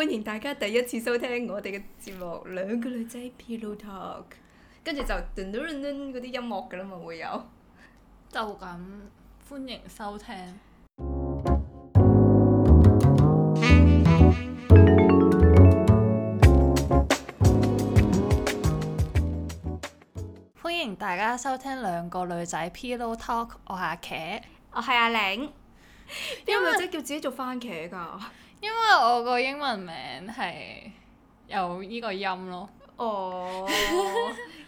歡迎大家第一次收聽我哋嘅節目《兩個女仔 Pillow Talk》，跟住就嗰啲音樂噶啦嘛，會有就咁歡迎收聽。歡迎大家收聽《兩個女仔 Pillow Talk》，我係阿茄，我係阿檸。邊個女仔叫自己做番茄噶？因為我個英文名係有呢個音咯，哦，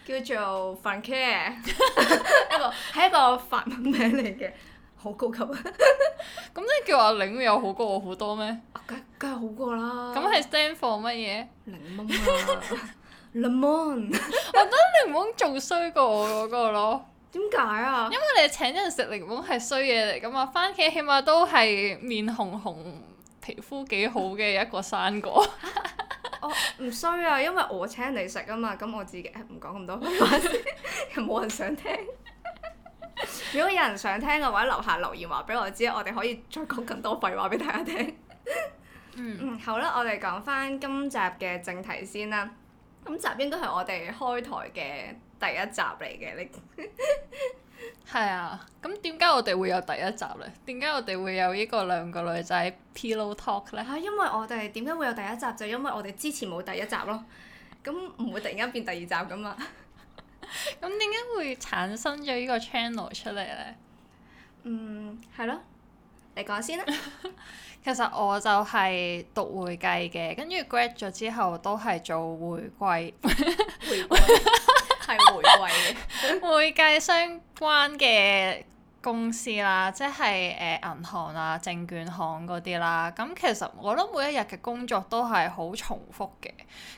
叫做 Frankie，一個係一個法文名嚟嘅，好高級。咁 即係叫阿檸咪有好過我好多咩？梗梗係好過啦。咁係 stand for 乜嘢？檸檬啊，lemon。我覺得檸檬仲衰過我嗰個咯。點解啊？因為你請人食檸檬係衰嘢嚟噶嘛，番茄起碼都係面紅紅，紅。皮膚幾好嘅一個生果 哦，我唔衰啊，因為我請人哋食啊嘛，咁我自己唔講咁多廢話先，冇 人想聽。 如果有人想聽嘅話，留下留言話俾我知，我哋可以再講更多廢話俾大家聽。 嗯，嗯，好啦，我哋講翻今集嘅正題先啦。咁集應該係我哋開台嘅第一集嚟嘅，你。 係啊，咁點解我哋會有第一集呢？點解我哋會有呢個兩個女仔 Pillow Talk 呢？嚇、啊！因為我哋點解會有第一集，就因為我哋之前冇第一集咯。咁唔會突然間變第二集㗎嘛？咁點解會產生咗呢個 channel 出嚟呢？嗯，係咯。你講先啦。 其實我就係讀會計嘅，跟住 grad 咗之後都係做會計 歸。 係會計嘅， 會計相關嘅。公司啦，即係誒、呃、銀行啊、證券行嗰啲啦。咁其實我覺得每一日嘅工作都係好重複嘅。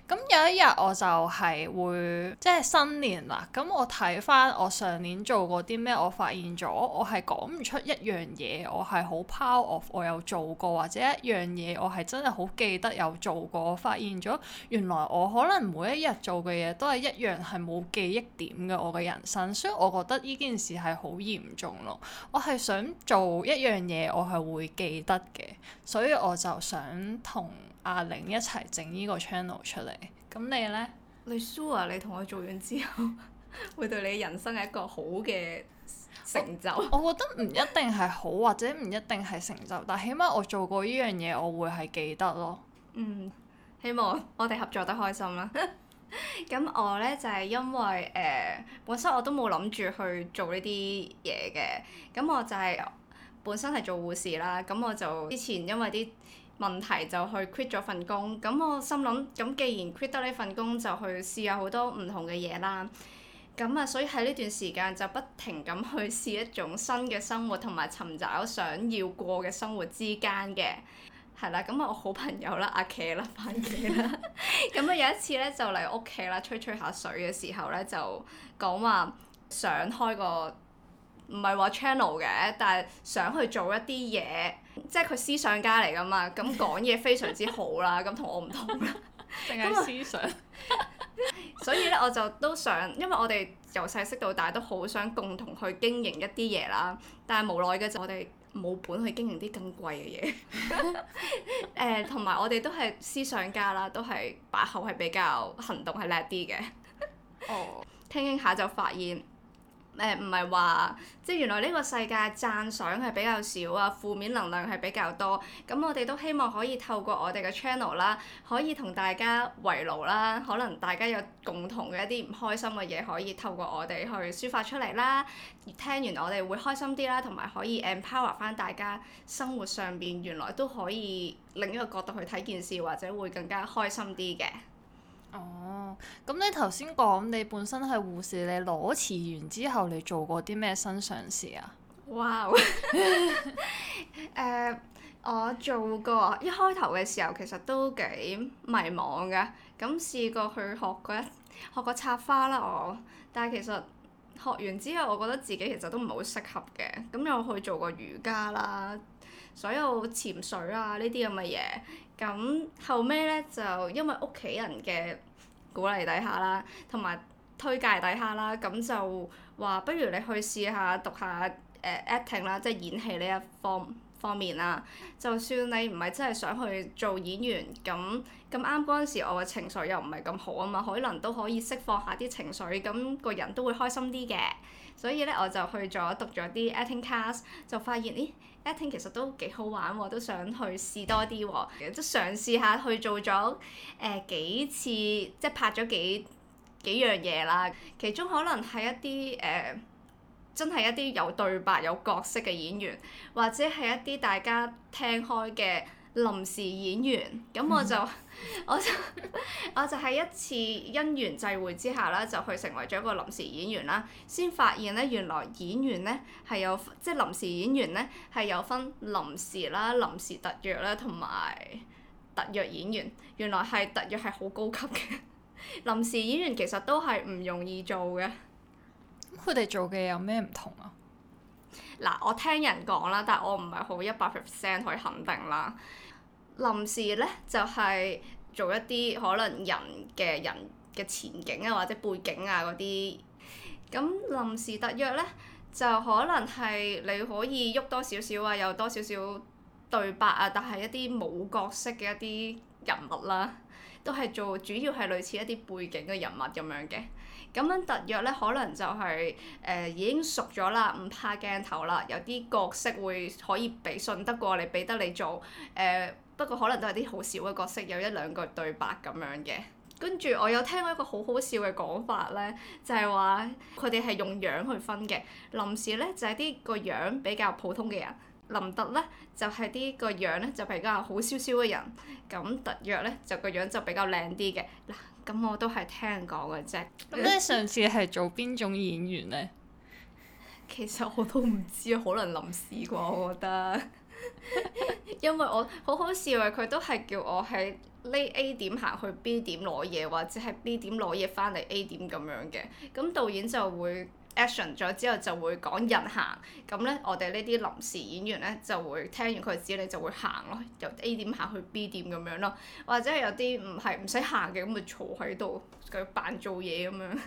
咁有一日我就係會即係新年啦。咁我睇翻我上年做過啲咩，我發現咗我係講唔出一樣嘢，我係好 power off 我有做過或者一樣嘢我係真係好記得有做過，我發現咗原來我可能每一日做嘅嘢都係一樣係冇記憶點嘅我嘅人生，所以我覺得依件事係好嚴重咯。我係想做一樣嘢，我係會記得嘅，所以我就想同阿玲一齊整呢個 channel 出嚟。咁你呢？你 sure 啊，你同我做完之後，會對你人生係一個好嘅成就？我，我覺得唔一定係好，或者唔一定係成就， 但起碼我做過呢樣嘢，我會係記得咯。嗯，希望我哋合作得開心啦。 咁我咧就係、是、因為誒、呃，本身我都冇諗住去做呢啲嘢嘅。咁我就係、是、本身係做護士啦。咁我就之前因為啲問題就去 quit 咗份工。咁我心諗，咁既然 quit 得呢份工，就去試下好多唔同嘅嘢啦。咁啊，所以喺呢段時間就不停咁去試一種新嘅生活，同埋尋找想要過嘅生活之間嘅。係啦，咁啊我好朋友啦，阿茄啦，番茄啦，咁 啊、嗯、有一次咧就嚟屋企啦，吹吹下水嘅時候咧就講話想開個唔係話 channel 嘅，但係想去做一啲嘢，即係佢思想家嚟噶嘛，咁講嘢非常之好啦，咁同 我唔同啦，淨係思想、 嗯。 所以咧我就都想，因為我哋由細識到大都好想共同去經營一啲嘢啦，但係無奈嘅就我哋。冇本去經營啲更貴嘅嘢、 呃，誒，同埋我哋都係思想家啦，都係把口係比較行動係叻啲嘅。哦，傾傾下就發現，誒唔係話，即係原來呢個世界讚賞係比較少啊，負面能量係比較多。咁我哋都希望可以透過我哋嘅 channel 啦，可以同大家圍爐啦。可能大家有共同嘅一啲唔開心嘅嘢，可以透過我哋去抒發出嚟啦。聽完我哋會開心啲啦，同埋可以 empower 翻大家，生活上面原來都可以另一個角度去睇件事，或者會更加開心啲嘅。哦，咁、oh, 你頭先講你本身係護士，你裸辭完之後，你做過啲咩新嘗試啊？哇！誒，我做過，一開頭嘅時候其實都幾迷茫㗎，咁試過去學過，學過插花啦我，但係其實。學完之後，我覺得自己其實都唔係好適合嘅，咁又去做過瑜伽啦，所有潛水啊呢啲咁嘅嘢，咁後尾咧就因為屋企人嘅鼓勵底下啦，同埋推介底下啦，咁就話不如你去試下讀下誒 acting 啦，即係演戲呢一方方面啦、啊，就算你唔係真係想去做演員，咁咁啱嗰陣時我嘅情緒又唔係咁好啊嘛，可能都可以釋放下啲情緒，咁、那個人都會開心啲嘅。所以咧我就去咗讀咗啲 acting class，就發現咦 acting、欸、其實都幾好玩喎，都想去試多啲喎，即係嘗試下去做咗誒、呃、幾次，即係拍咗幾幾樣嘢啦，其中可能係一啲誒，呃真係一啲有對白有角色嘅演員，或者係一啲大家聽開嘅臨時演員。咁我就 我就我就喺一次因緣際會之下咧，就去成為咗一個臨時演員啦。先發現咧，原來演員咧係有即係臨時演員咧係有分臨時啦、臨時特約啦同埋特約演員。原來係特約係好高級嘅，臨時演員其實都係唔容易做嘅。佢哋做嘅有咩唔同啊？嗱，我聽人講啦，但我唔係好一百 percent 可以肯定啦。臨時咧就係做一啲可能人嘅人嘅前景啊，或者背景啊嗰啲。咁臨時特約咧就可能係你可以喐多少少啊，有多少少對白啊，但係一啲冇角色嘅一啲人物啦，都係做主要係類似一啲背景嘅人物咁樣嘅。咁樣特約咧，可能就係、是、誒、呃、已經熟咗啦，唔怕鏡頭啦。有啲角色會可以俾信得過你，俾得你做誒、呃。不過可能都係啲好少嘅角色，有一兩句對白咁樣嘅。跟住我有聽過一個好好笑嘅講法咧，就係話佢哋係用樣去分嘅。臨時咧就係、是、啲個樣比較普通嘅人，林特咧就係、是、啲個樣咧就比較好少少嘅人。咁特約咧就個樣就比較靚啲嘅嗱。咁我都係聽人講嘅啫。咁、嗯、你上次係做邊種演員咧？其實我都唔知， 可能臨時啩，我覺得。 因為我好好笑嘅，佢都係叫我喺呢 A 點行去 B 點攞嘢，或者係 B 點攞嘢翻嚟 A 點咁樣嘅。咁導演就會。Action 咗之後就會講人行，咁咧我哋呢啲臨時演員咧就會聽完佢指令就會行咯，由 A 點行去 B 點咁樣咯，或者係有啲唔係唔使行嘅，咁咪坐喺度，佢扮做嘢咁樣。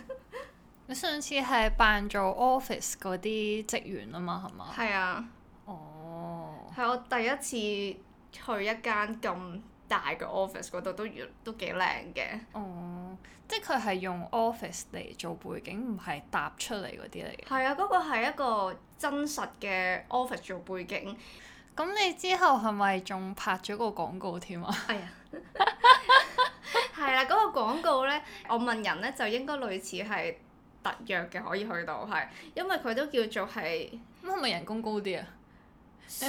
你上次係扮做 office 嗰啲職員啊嘛，係嘛？係啊。哦。係我第一次去一間咁。大嘅 office 嗰度都越都幾靚嘅，哦！即佢係用 office 嚟做背景，唔係搭出嚟嗰啲嚟嘅。係啊，嗰、嗰個係一個真實嘅 office 做背景。咁你之後係咪仲拍咗個廣告添 啊？係啊，係啦，嗰個廣告咧，我問人咧就應該類似係特約嘅可以去到，係因為佢都叫做係。咁係咪人工高啲啊？少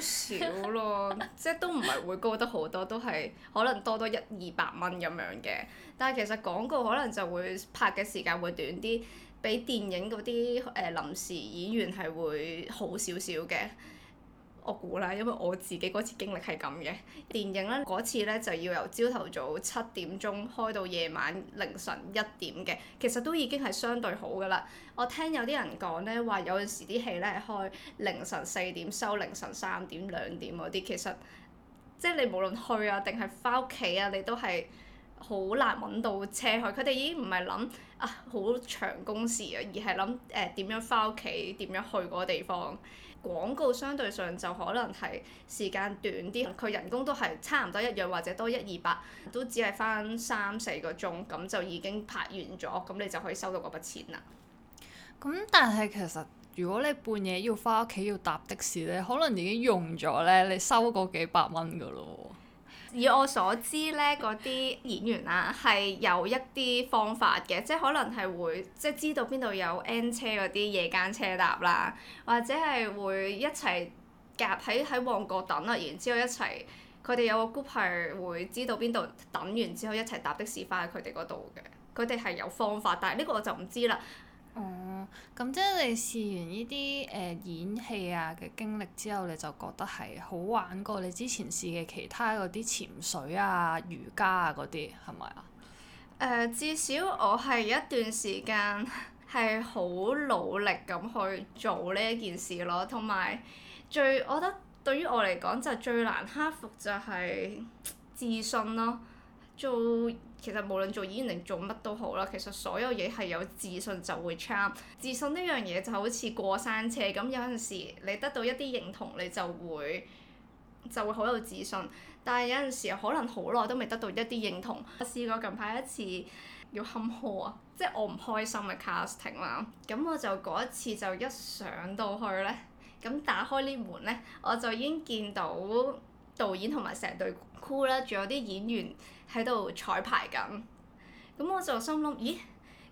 少咯， 即都唔係會高得好多，都係可能多多一二百蚊咁樣嘅。但係其實廣告可能就會拍嘅時間會短啲，比電影嗰啲誒臨時演員係會好少少嘅。我估啦，因為我自己嗰次經歷係咁嘅。電影咧，嗰次咧就要由朝頭早七點鐘開到夜晚凌晨一點嘅，其實都已經係相對好㗎喇。我聽有啲人講咧，話有陣時啲戲咧係開凌晨四點收凌晨三點兩點嗰啲，其實即係你無論去啊定係返屋企啊，你都係好難揾到車去。佢哋已經唔係諗啊，好長工時啊，而係諗誒點樣返屋企，點樣去嗰個地方。廣告相對上就可能係時間短啲，佢人工都係差唔多一樣，或者多一二百，都只係返三四個鐘，咁就已經拍完咗，咁你就可以收到嗰筆錢啦。咁但係其實如果你半夜要返屋企要搭的士咧，可能已經用咗咧，你收嗰幾百蚊㗎咯。以我所知咧，嗰啲演員啊係有一啲方法嘅，即係可能係會即係知道邊度有 N 車嗰啲夜間車搭啦，或者係會一齊夾喺喺旺角等啦，啊，然之後一齊佢哋有個 group 係會知道邊度等完之後一齊搭的士翻去佢哋嗰度嘅，佢哋係有方法，但係呢個我就唔知啦。咁、嗯、即係你試完呢啲誒演戲啊嘅經歷之後，你就覺得係好玩過你之前試嘅其他嗰啲潛水啊、瑜伽啊嗰啲，係咪啊？誒、呃，至少我係一段時間係好努力咁去做呢一件事咯，同埋最我覺得對於我嚟講就最難克服就係自信咯，做。其實無論做演員定做乜都好啦，其實所有嘢係有自信就會 charm。自信呢樣嘢就好似過山車咁，有陣時你得到一啲認同，你就會就會好有自信。但係有陣時可能好耐都未得到一啲認同。我試過近排一次，要坎坷啊，即係我唔開心嘅 casting 啦。咁我就嗰一次就一上到去呢，咁打開呢門呢，我就已經見到導演同埋成隊。酷啦，仲有啲演員喺度彩排緊，咁我就心諗，咦，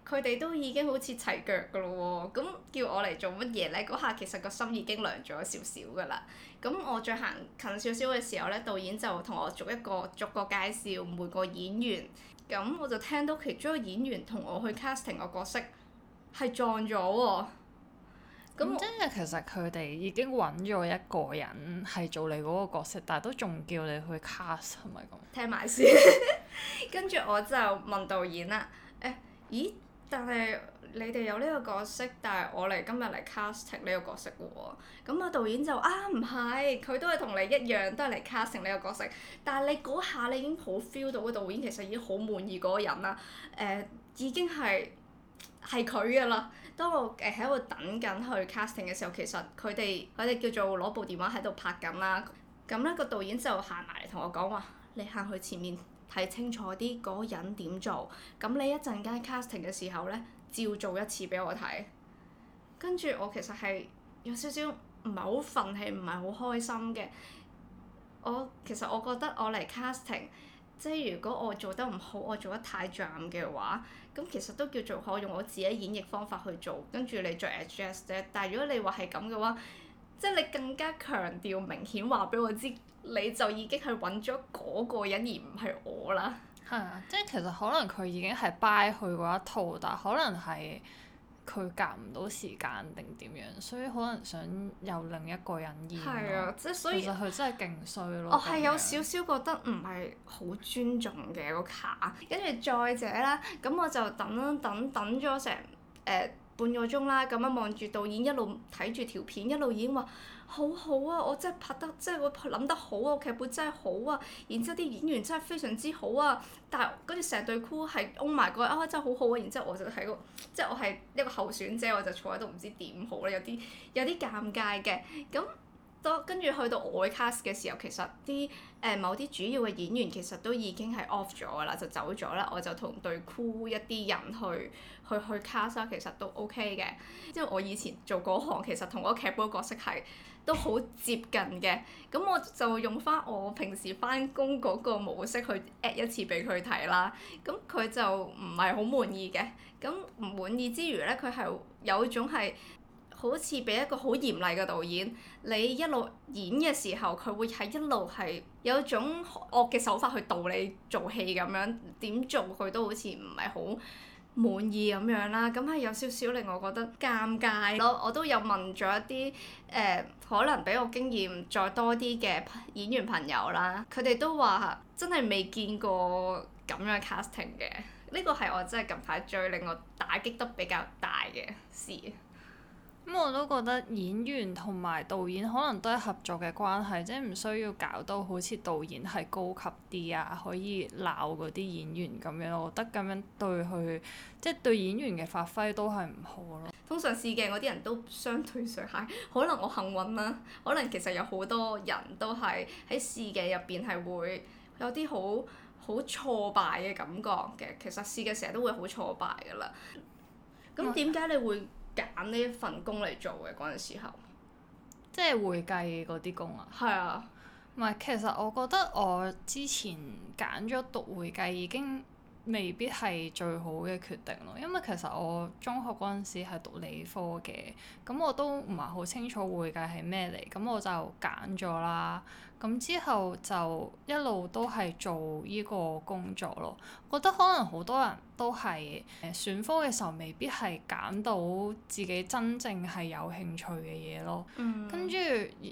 佢哋都已經好似齊腳㗎咯喎，咁叫我嚟做乜嘢咧？嗰下其實個心已經涼咗少少㗎啦。咁我再行近少少嘅時候咧，導演就同我逐一個逐個介紹每個演員，咁我就聽到其中一個演員同我去 casting 個角色係撞咗喎。咁即係其實佢哋已經揾咗一個人係做你嗰個角色，但係都仲叫你去 cast 係咪咁？聽埋完先，跟 住我就問導演啦，誒、欸，咦？但係你哋有呢個角色，但係我嚟今日嚟 casting 呢個角色喎。咁啊，導演就啊，唔係，佢都係同你一樣，都係嚟 casting 呢個角色。但係你嗰下你已經好 feel 到個導演其實已經好滿意嗰個人啦，誒、欸，已經係。係佢㗎啦！當我誒喺度等緊去 casting 嘅時候，其實佢哋佢哋叫做攞部電話喺度拍緊啦。咁咧個導演就行埋嚟同我講話：你行去前面睇清楚啲嗰人點做。咁你一陣間 casting 嘅時候咧，照做一次俾我睇。跟住我其實係有少少唔係好憤氣，唔係好開心嘅。我其實我覺得我嚟 casting。即係如果我做得唔好，我做得太 jam 嘅話，咁其實都叫做我用我自己演繹方法去做，跟住你再 adjust 咧。但係如果你話係咁嘅話，即係你更加強調明顯話俾我知，你就已經係揾咗嗰個人而唔係我啦。係啊，即係其實可能佢已經係 buy 佢嗰一套，但係可能係。佢夾唔到時間定點樣，所以可能想由另一個人演。係啊，即所以其實佢真係勁衰囉。我係有少少覺得唔係好尊重嘅個卡，跟住再者呢，噉我就等等等咗成誒，呃半個鐘啦，咁樣望住導演一路睇住條片，一路已經話好好啊！我真係拍得，真係我諗得好啊，我劇本真係好啊，然之後啲演員真係非常之好啊，但係跟住成隊 crew 係擁埋過，啊、oh oh，真係好好啊，然之後我就喺度，即係我係一個候選者，我就坐喺度唔知點好喇，有啲有啲尷尬嘅，咁。多跟住去到我 cast 嘅時候，其實啲誒、呃、某啲主要嘅演員其實都已經係 off 咗啦，就走咗啦。我就同隊 crew 一啲人去去去 cast 其實都 OK 嘅。因為我以前做嗰行，其實同嗰劇本角色係都好接近嘅。咁我就用翻我平時翻工嗰個模式去 at 一次俾佢睇啦。咁佢就唔係好滿意嘅。咁唔滿意之餘咧，佢係有一種係。好似俾一個好嚴厲嘅導演，你一路演嘅時候，佢會係一路係有種惡嘅手法去導你做戲咁樣，點做佢都好似唔係好滿意咁樣啦。咁係有少少令我覺得尷尬咯。我都有問咗一啲誒、呃、可能比我經驗再多啲嘅演員朋友啦，佢哋都話真係未見過咁樣 casting 嘅。呢個係我真係近排最令我打擊得比較大嘅事。咁、嗯、我都覺得演員同埋導演可能都係合作嘅關係，即係唔需要搞到好似導演係高級啲啊，可以鬧嗰啲演員咁樣。我覺得咁樣對佢，即係對演員嘅發揮都係唔好咯。通常試鏡嗰啲人都相對上係，可能我幸運啦，可能其實有好多人都係喺試鏡入邊係會有啲好好挫敗嘅感覺嘅。其實試鏡成日都會好挫敗㗎啦。咁點解你會？揀呢一份工嚟做嘅嗰陣時候，即係會計嗰啲工啊。係啊、嗯，唔係其實我覺得我之前揀咗讀會計已經未必係最好嘅決定咯，因為其實我中學嗰陣時係讀理科嘅，咁我都唔係好清楚會計係咩嚟，咁我就揀咗啦。咁之後就一路都係做依個工作咯，覺得可能好多人。都係誒選科嘅時候，未必係揀到自己真正係有興趣嘅嘢咯。嗯，跟住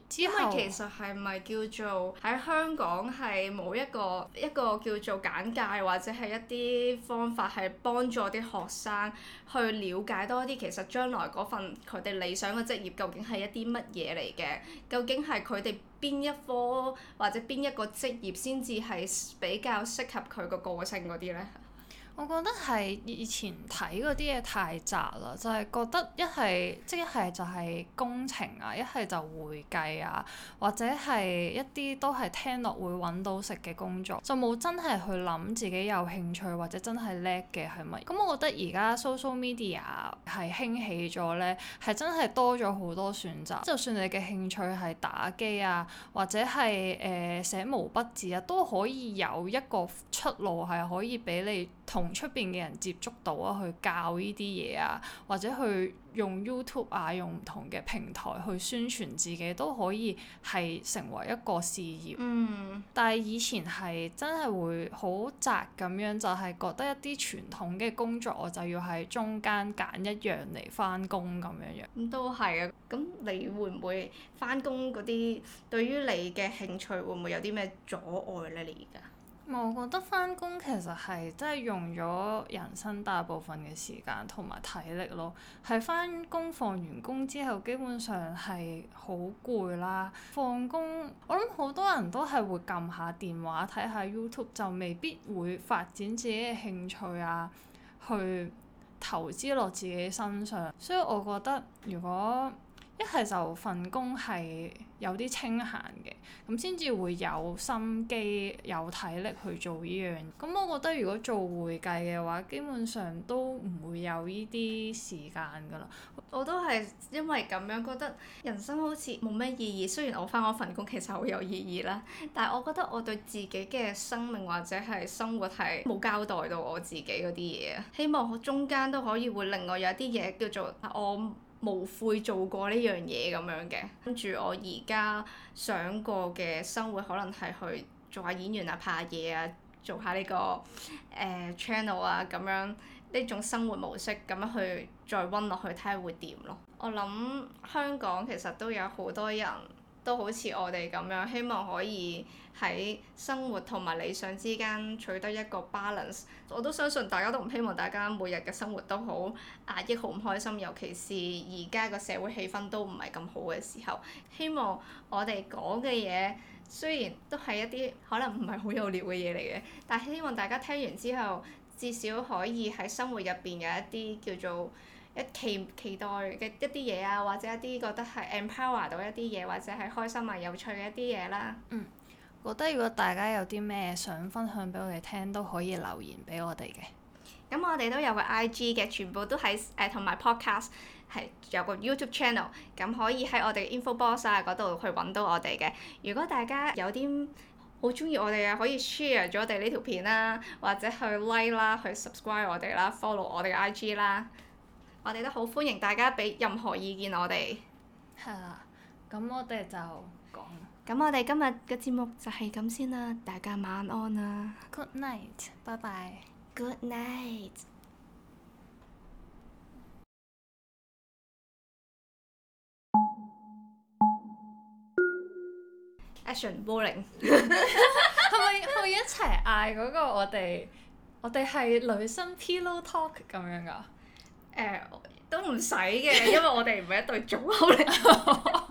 之後，因為其實係咪叫做喺香港係冇一個一個叫做簡介，或者係一啲方法係幫助啲學生去了解多啲，其實將來嗰份佢哋理想嘅職業究竟係一啲乜嘢嚟嘅？究竟係佢哋邊一科或者邊一個職業先至係比較適合佢個個性嗰啲咧？我覺得係以前睇嗰啲嘢太雜啦，就係、是、覺得一係即係一係就係、是、工程啊，一係就會計啊，或者係一啲都係聽落會揾到食嘅工作，就冇真係去諗自己有興趣或者真係叻嘅係咪？咁我覺得而家 social media 係興起咗咧，係真係多咗好多選擇。就算你嘅興趣係打機啊，或者係誒、呃、寫毛筆字啊，都可以有一個出路係可以俾你。同出面嘅人接觸到啊，去教呢啲嘢啊，或者去用 YouTube 啊，用唔同嘅平台去宣傳自己都可以係成為一個事業。嗯、但係以前係真係會好窄咁樣，就係、是、覺得一啲傳統嘅工作我就要喺中間揀一樣嚟翻工咁樣樣。咁、嗯、都係啊！咁你會唔會翻工嗰啲對於你嘅興趣會唔會有啲咩阻礙咧？你而家？我覺得翻工其實係真係用咗人生大部分嘅時間同埋體力咯。係翻工放完工之後，基本上係好攰啦。放工我諗好多人都係會撳下電話睇下 YouTube，就未必會發展自己嘅興趣啊，去投資落自己身上。所以我覺得如果一係就份工係有啲清閒嘅，咁先至會有心機、有體力去做依樣。咁我覺得如果做會計嘅話，基本上都唔會有依啲時間噶啦。我都係因為咁樣覺得人生好似冇咩意義。雖然我翻我份工其實好有意義啦，但係我覺得我對自己嘅生命或者係生活係冇交代到我自己嗰啲嘢。希望我中間都可以會另外有一啲嘢叫做我。無悔做過呢樣嘢咁樣嘅，跟住我而家想過嘅生活可能係去做下演員啊，拍下嘢啊，做下呢個誒 channel 啊咁樣呢種生活模式咁樣去再溫落去睇下會點咯。我諗香港其實都有好多人，都好似我哋咁樣，希望可以喺生活同埋理想之間取得一個 balance。我都相信大家都唔希望大家每日嘅生活都好壓抑、好唔開心，尤其是而家個社會氣氛都唔係咁好嘅時候。希望我哋講嘅嘢雖然都係一啲可能唔係好有料嘅嘢嚟嘅，但係希望大家聽完之後，至少可以喺生活入邊有一啲叫做～一期期待嘅一啲嘢啊，或者一啲覺得係 empower 到一啲嘢，或者係開心啊、有趣嘅一啲嘢啦。嗯，覺得如果大家有啲咩想分享俾我哋聽，都可以留言俾我哋嘅。咁我哋都有個 I G 嘅，全部都喺誒同埋 podcast 係有個 YouTube channel，咁可以喺我哋 info box 啊嗰度去揾到我哋嘅。如果大家有啲好中意我哋嘅，可以 share 咗我哋呢條片啦，或者去 like 啦，去 subscribe 我哋啦，follow 我哋嘅 I G 啦。我哋都好歡迎大家俾任何意見，我哋係啦。咁我哋就講。咁我哋今日嘅節目就係咁先啦，大家晚安，安啦 Good night，拜拜。Good night。a c t i o n b o l l i n g 可 唔可以 一齊嗌嗰個我？我哋我哋係女生 pillow talk 咁樣噶。誒、呃、都唔使嘅，因為我哋唔係一對組合嚟嘅。